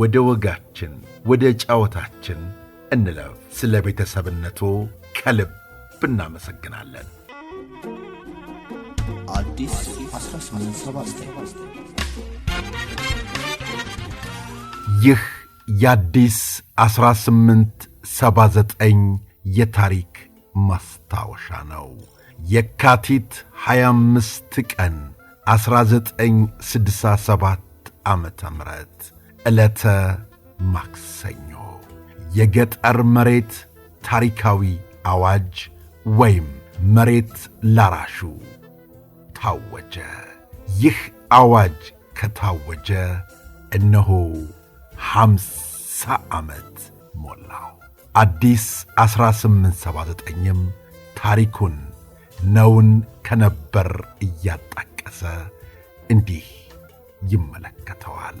ወደ ወጋችን ወደ ጫወታችን እንለፍ። ስለ ቤተሰብነቱ ከልብ እናመሰግናለን። ይህ የአዲስ 1879 የታሪክ ማስታወሻ ነው። የካቲት 25 ቀን 1967 ም ዕለተ ማክሰኞ የገጠር መሬት ታሪካዊ አዋጅ ወይም መሬት ላራሹ ታወጀ። ይህ አዋጅ ከታወጀ እነሆ ሃምሳ ዓመት ሞላው። አዲስ 1879ም ታሪኩን ነውን ከነበር እያጣቀሰ እንዲህ ይመለከተዋል።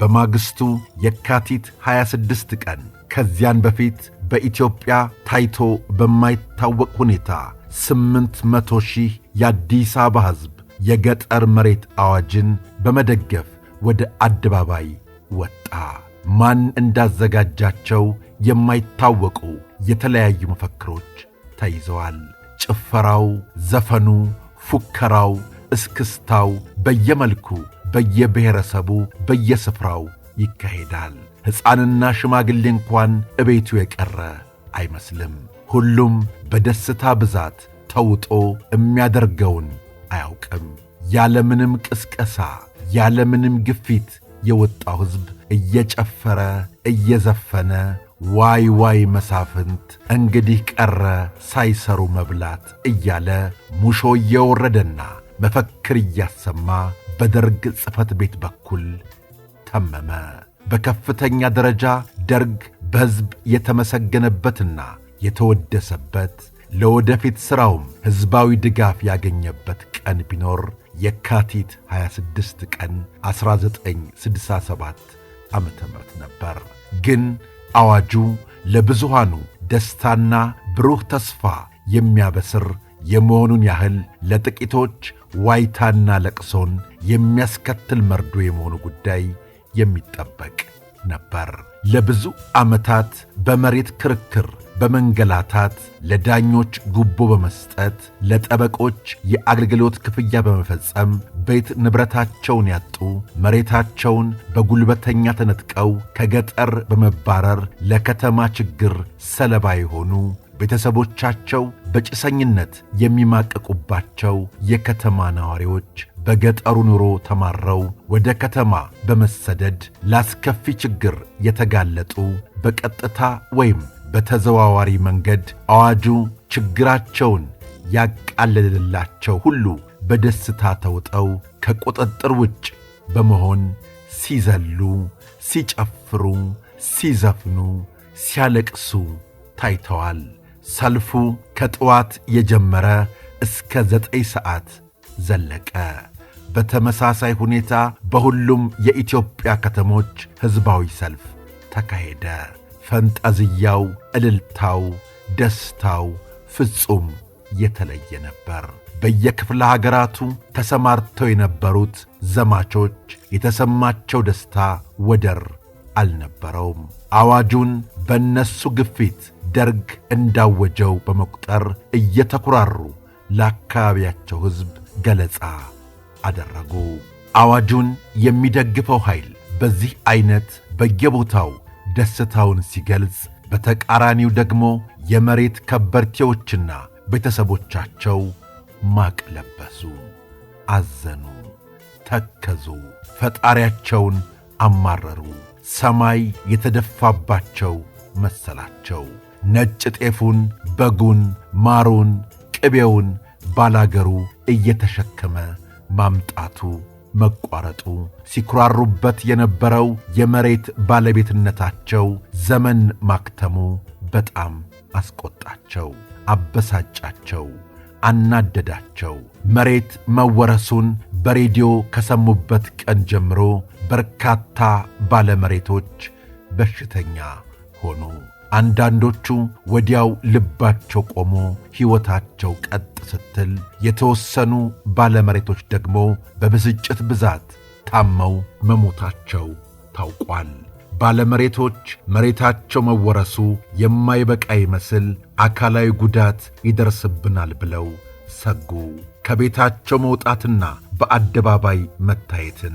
በማግስቱ የካቲት 26 ቀን ከዚያን በፊት በኢትዮጵያ ታይቶ በማይታወቅ ሁኔታ 800 ሺህ የአዲስ አበባ ሕዝብ የገጠር መሬት አዋጅን በመደገፍ ወደ አደባባይ ወጣ። ማን እንዳዘጋጃቸው የማይታወቁ የተለያዩ መፈክሮች ተይዘዋል። ጭፈራው፣ ዘፈኑ፣ ፉከራው፣ እስክስታው በየመልኩ በየብሔረሰቡ በየስፍራው ይካሄዳል። ሕፃንና ሽማግሌ እንኳን እቤቱ የቀረ አይመስልም። ሁሉም በደስታ ብዛት ተውጦ የሚያደርገውን አያውቅም። ያለምንም ቅስቀሳ ያለምንም ግፊት የወጣው ሕዝብ እየጨፈረ እየዘፈነ ዋይ ዋይ መሳፍንት እንግዲህ ቀረ ሳይሰሩ መብላት እያለ ሙሾ እየወረደና መፈክር እያሰማ በደርግ ጽሕፈት ቤት በኩል ተመመ። በከፍተኛ ደረጃ ደርግ በሕዝብ የተመሰገነበትና የተወደሰበት ለወደፊት ሥራውም ሕዝባዊ ድጋፍ ያገኘበት ቀን ቢኖር የካቲት 26 ቀን 1967 ዓ.ም ነበር። ግን አዋጁ ለብዙሃኑ ደስታና ብሩህ ተስፋ የሚያበስር የመሆኑን ያህል ለጥቂቶች ዋይታና ለቅሶን የሚያስከትል መርዶ የመሆኑ ጉዳይ የሚጠበቅ ነበር። ለብዙ ዓመታት በመሬት ክርክር በመንገላታት ለዳኞች ጉቦ በመስጠት ለጠበቆች የአገልግሎት ክፍያ በመፈጸም ቤት ንብረታቸውን ያጡ፣ መሬታቸውን በጉልበተኛ ተነጥቀው ከገጠር በመባረር ለከተማ ችግር ሰለባ የሆኑ ቤተሰቦቻቸው በጭሰኝነት የሚማቀቁባቸው የከተማ ነዋሪዎች በገጠሩ ኑሮ ተማረው ወደ ከተማ በመሰደድ ላስከፊ ችግር የተጋለጡ በቀጥታ ወይም በተዘዋዋሪ መንገድ አዋጁ ችግራቸውን ያቃለልላቸው ሁሉ በደስታ ተውጠው ከቁጥጥር ውጭ በመሆን ሲዘሉ፣ ሲጨፍሩ፣ ሲዘፍኑ፣ ሲያለቅሱ ታይተዋል። ሰልፉ ከጠዋት የጀመረ እስከ ዘጠኝ ሰዓት ዘለቀ። በተመሳሳይ ሁኔታ በሁሉም የኢትዮጵያ ከተሞች ሕዝባዊ ሰልፍ ተካሄደ። ፈንጠዝያው፣ እልልታው፣ ደስታው ፍጹም የተለየ ነበር። በየክፍለ ሀገራቱ ተሰማርተው የነበሩት ዘማቾች የተሰማቸው ደስታ ወደር አልነበረውም። አዋጁን በእነሱ ግፊት ደርግ እንዳወጀው በመቁጠር እየተኩራሩ ለአካባቢያቸው ሕዝብ ገለጻ አደረጉ። አዋጁን የሚደግፈው ኃይል በዚህ ዐይነት በየቦታው ደስታውን ሲገልጽ፣ በተቃራኒው ደግሞ የመሬት ከበርቴዎችና ቤተሰቦቻቸው ማቅ ለበሱ፣ አዘኑ፣ ተከዙ፣ ፈጣሪያቸውን አማረሩ። ሰማይ የተደፋባቸው መሰላቸው። ነጭ ጤፉን፣ በጉን፣ ማሩን፣ ቅቤውን ባላገሩ እየተሸከመ ማምጣቱ መቋረጡ ሲኩራሩበት የነበረው የመሬት ባለቤትነታቸው ዘመን ማክተሙ በጣም አስቆጣቸው፣ አበሳጫቸው፣ አናደዳቸው። መሬት መወረሱን በሬዲዮ ከሰሙበት ቀን ጀምሮ በርካታ ባለመሬቶች በሽተኛ ሆኑ። አንዳንዶቹ ወዲያው ልባቸው ቆሞ ሕይወታቸው ቀጥ ስትል፣ የተወሰኑ ባለመሬቶች ደግሞ በብስጭት ብዛት ታመው መሞታቸው ታውቋል። ባለመሬቶች መሬታቸው መወረሱ የማይበቃ ይመስል አካላዊ ጉዳት ይደርስብናል ብለው ሰጉ። ከቤታቸው መውጣትና በአደባባይ መታየትን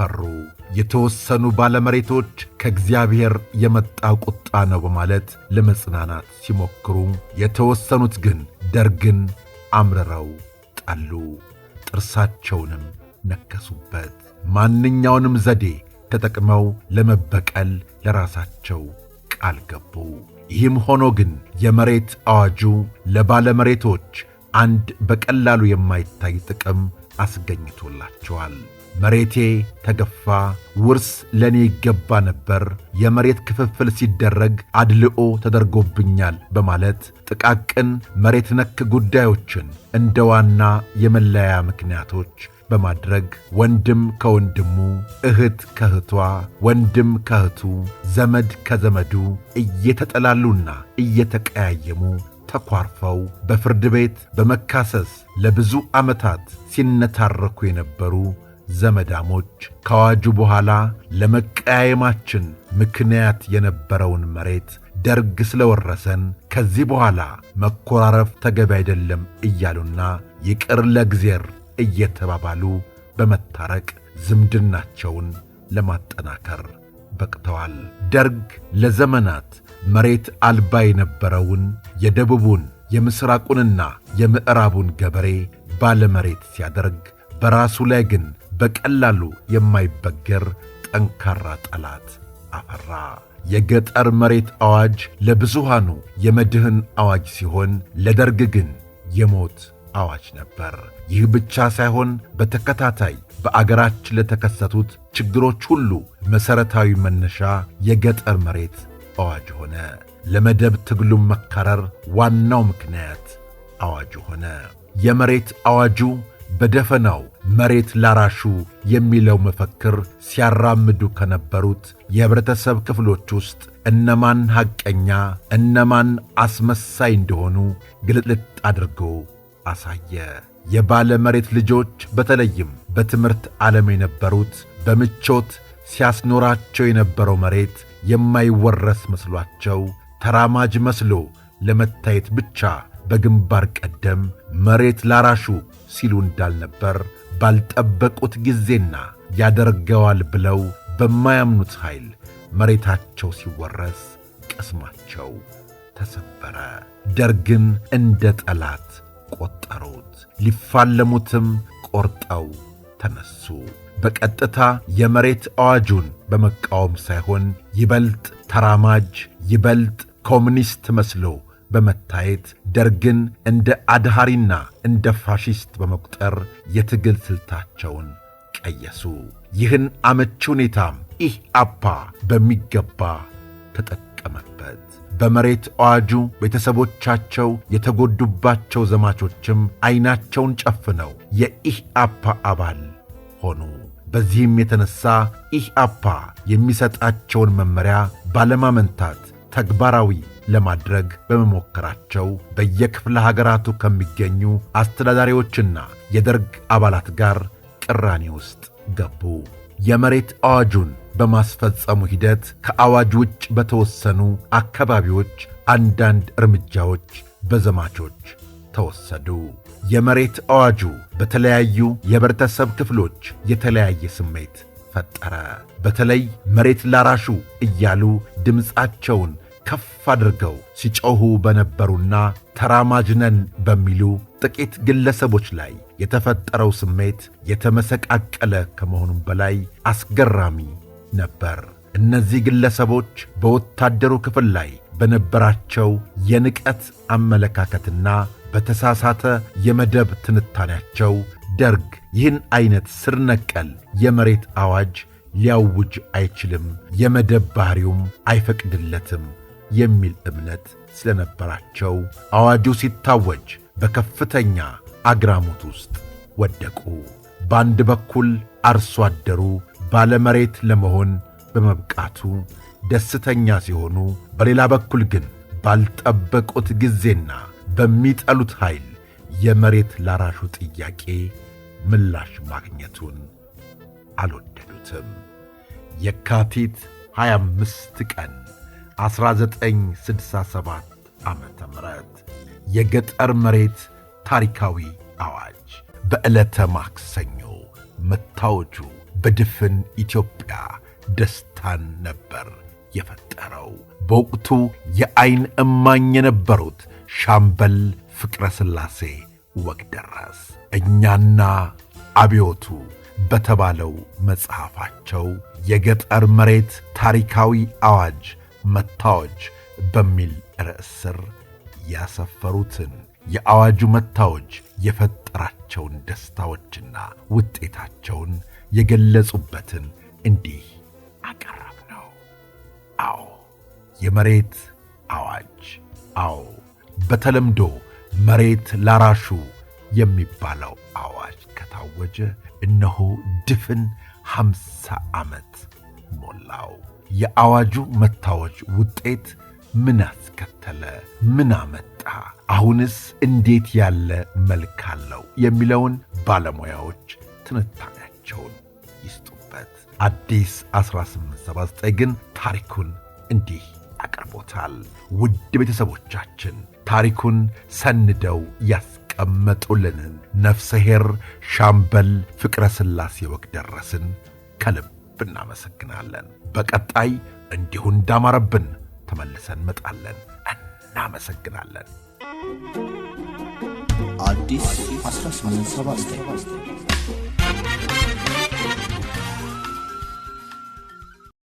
ፈሩ። የተወሰኑ ባለመሬቶች ከእግዚአብሔር የመጣ ቁጣ ነው በማለት ለመጽናናት ሲሞክሩ፣ የተወሰኑት ግን ደርግን አምርረው ጠሉ ጥርሳቸውንም ነከሱበት። ማንኛውንም ዘዴ ተጠቅመው ለመበቀል ለራሳቸው ቃል ገቡ። ይህም ሆኖ ግን የመሬት አዋጁ ለባለመሬቶች አንድ በቀላሉ የማይታይ ጥቅም አስገኝቶላቸዋል። መሬቴ ተገፋ፣ ውርስ ለእኔ ይገባ ነበር፣ የመሬት ክፍፍል ሲደረግ አድልኦ ተደርጎብኛል በማለት ጥቃቅን መሬት ነክ ጉዳዮችን እንደ ዋና የመለያ ምክንያቶች በማድረግ ወንድም ከወንድሙ፣ እህት ከእህቷ፣ ወንድም ከእህቱ፣ ዘመድ ከዘመዱ እየተጠላሉና እየተቀያየሙ ተኳርፈው በፍርድ ቤት በመካሰስ ለብዙ ዓመታት ሲነታረኩ የነበሩ ዘመዳሞች ከአዋጁ በኋላ ለመቀያየማችን ምክንያት የነበረውን መሬት ደርግ ስለወረሰን ከዚህ በኋላ መኮራረፍ ተገቢ አይደለም እያሉና ይቅር ለእግዜር እየተባባሉ በመታረቅ ዝምድናቸውን ለማጠናከር በቅተዋል። ደርግ ለዘመናት መሬት አልባ የነበረውን የደቡቡን የምሥራቁንና የምዕራቡን ገበሬ ባለመሬት ሲያደርግ በራሱ ላይ ግን በቀላሉ የማይበገር ጠንካራ ጠላት አፈራ። የገጠር መሬት አዋጅ ለብዙሃኑ የመድህን አዋጅ ሲሆን ለደርግ ግን የሞት አዋጅ ነበር። ይህ ብቻ ሳይሆን በተከታታይ በአገራችን ለተከሰቱት ችግሮች ሁሉ መሠረታዊ መነሻ የገጠር መሬት አዋጅ ሆነ። ለመደብ ትግሉም መካረር ዋናው ምክንያት አዋጅ ሆነ። የመሬት አዋጁ በደፈናው መሬት ላራሹ የሚለው መፈክር ሲያራምዱ ከነበሩት የህብረተሰብ ክፍሎች ውስጥ እነማን ሐቀኛ እነማን አስመሳይ እንደሆኑ ግልጥልጥ አድርጎ አሳየ። የባለ መሬት ልጆች በተለይም በትምህርት ዓለም የነበሩት በምቾት ሲያስኖራቸው የነበረው መሬት የማይወረስ መስሏቸው ተራማጅ መስሎ ለመታየት ብቻ በግንባር ቀደም መሬት ላራሹ ሲሉ እንዳልነበር ባልጠበቁት ጊዜና ያደርገዋል ብለው በማያምኑት ኃይል መሬታቸው ሲወረስ ቅስማቸው ተሰበረ። ደርግን እንደ ጠላት ቆጠሩት። ሊፋለሙትም ቆርጠው ተነሱ። በቀጥታ የመሬት አዋጁን በመቃወም ሳይሆን ይበልጥ ተራማጅ፣ ይበልጥ ኮሚኒስት መስሎ በመታየት ደርግን እንደ አድሃሪና እንደ ፋሺስት በመቁጠር የትግል ስልታቸውን ቀየሱ። ይህን አመቺ ሁኔታም ኢህአፓ በሚገባ ተጠቀመበት። በመሬት አዋጁ ቤተሰቦቻቸው የተጎዱባቸው ዘማቾችም ዐይናቸውን ጨፍነው የኢህአፓ አባል ሆኑ። በዚህም የተነሣ ኢህአፓ የሚሰጣቸውን መመሪያ ባለማመንታት ተግባራዊ ለማድረግ በመሞከራቸው በየክፍለ ሀገራቱ ከሚገኙ አስተዳዳሪዎችና የደርግ አባላት ጋር ቅራኔ ውስጥ ገቡ። የመሬት አዋጁን በማስፈጸሙ ሂደት ከአዋጅ ውጭ በተወሰኑ አካባቢዎች አንዳንድ እርምጃዎች በዘማቾች ተወሰዱ። የመሬት አዋጁ በተለያዩ የህብረተሰብ ክፍሎች የተለያየ ስሜት ፈጠረ። በተለይ መሬት ላራሹ እያሉ ድምፃቸውን ከፍ አድርገው ሲጮኹ በነበሩና ተራማጅነን በሚሉ ጥቂት ግለሰቦች ላይ የተፈጠረው ስሜት የተመሰቃቀለ ከመሆኑም በላይ አስገራሚ ነበር። እነዚህ ግለሰቦች በወታደሩ ክፍል ላይ በነበራቸው የንቀት አመለካከትና በተሳሳተ የመደብ ትንታኔያቸው ደርግ ይህን ዐይነት ስርነቀል ነቀል የመሬት አዋጅ ሊያውጅ አይችልም፣ የመደብ ባሕሪውም አይፈቅድለትም የሚል እምነት ስለነበራቸው አዋጁ ሲታወጅ በከፍተኛ አግራሞት ውስጥ ወደቁ። በአንድ በኩል አርሶ አደሩ ባለመሬት ለመሆን በመብቃቱ ደስተኛ ሲሆኑ፣ በሌላ በኩል ግን ባልጠበቁት ጊዜና በሚጠሉት ኃይል የመሬት ላራሹ ጥያቄ ምላሽ ማግኘቱን አልወደዱትም። የካቲት 25 ቀን 1967 ዓ ም የገጠር መሬት ታሪካዊ አዋጅ በዕለተ ማክሰኞ መታወጁ በድፍን ኢትዮጵያ ደስታን ነበር የፈጠረው። በወቅቱ የዐይን እማኝ የነበሩት ሻምበል ፍቅረ ሥላሴ ወግደረስ እኛና አብዮቱ በተባለው መጽሐፋቸው የገጠር መሬት ታሪካዊ አዋጅ መታወጅ በሚል ርዕስ ስር ያሰፈሩትን የአዋጁ መታወጅ የፈጠራቸውን ደስታዎችና ውጤታቸውን የገለጹበትን እንዲህ አቀረብ ነው። አዎ የመሬት አዋጅ። አዎ በተለምዶ መሬት ላራሹ የሚባለው አዋጅ ከታወጀ እነሆ ድፍን 50 ዓመት ሞላው። የአዋጁ መታወጅ ውጤት ምን አስከተለ? ምን አመጣ? አሁንስ እንዴት ያለ መልክ አለው? የሚለውን ባለሙያዎች ትንታኔያቸውን ይስጡበት። አዲስ 1879 ግን ታሪኩን እንዲህ አቅርቦታል። ውድ ቤተሰቦቻችን ታሪኩን ሰንደው ያስቀመጡልንን ነፍሰ ኄር ሻምበል ፍቅረ ሥላሴ ወግደረስን ከልብ ከልብ እናመሰግናለን። በቀጣይ እንዲሁ እንዳማረብን ተመልሰን መጣለን። እናመሰግናለን። አዲስ 1879